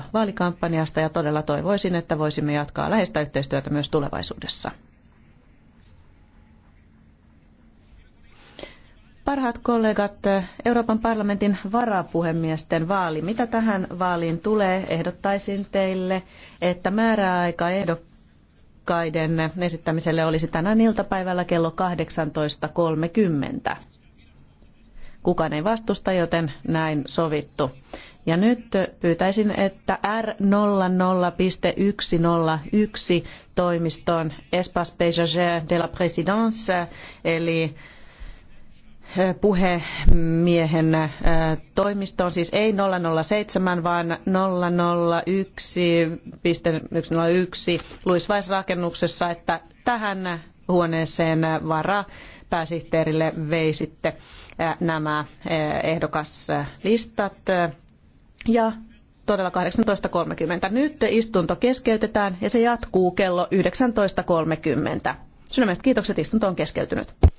tuosta vaalikampanjasta ja todella toivoisin, että voisimme jatkaa läheistä yhteistyötä myös tulevaisuudessa. Parhaat kollegat, Euroopan parlamentin varapuhemiesten vaali. Mitä tähän vaaliin tulee, ehdottaisin teille, että määräaika ehdokkaiden esittämiselle olisi tänään iltapäivällä kello 18.30. Kukaan ei vastusta, joten näin sovittu. Ja nyt pyytäisin, että R00101 toimistoon Espace Paysager de la Présidence, eli eh, puhemiehen eh, toimistoon, siis ei 007, vaan 001.101 Luisvaisrakennuksessa, että tähän huoneeseen vara pääsihteerille veisitte eh, nämä ehdokaslistat ja todella 18.30. Nyt istunto keskeytetään ja se jatkuu kello 19.30. Sydämestä kiitokset, istunto on keskeytynyt.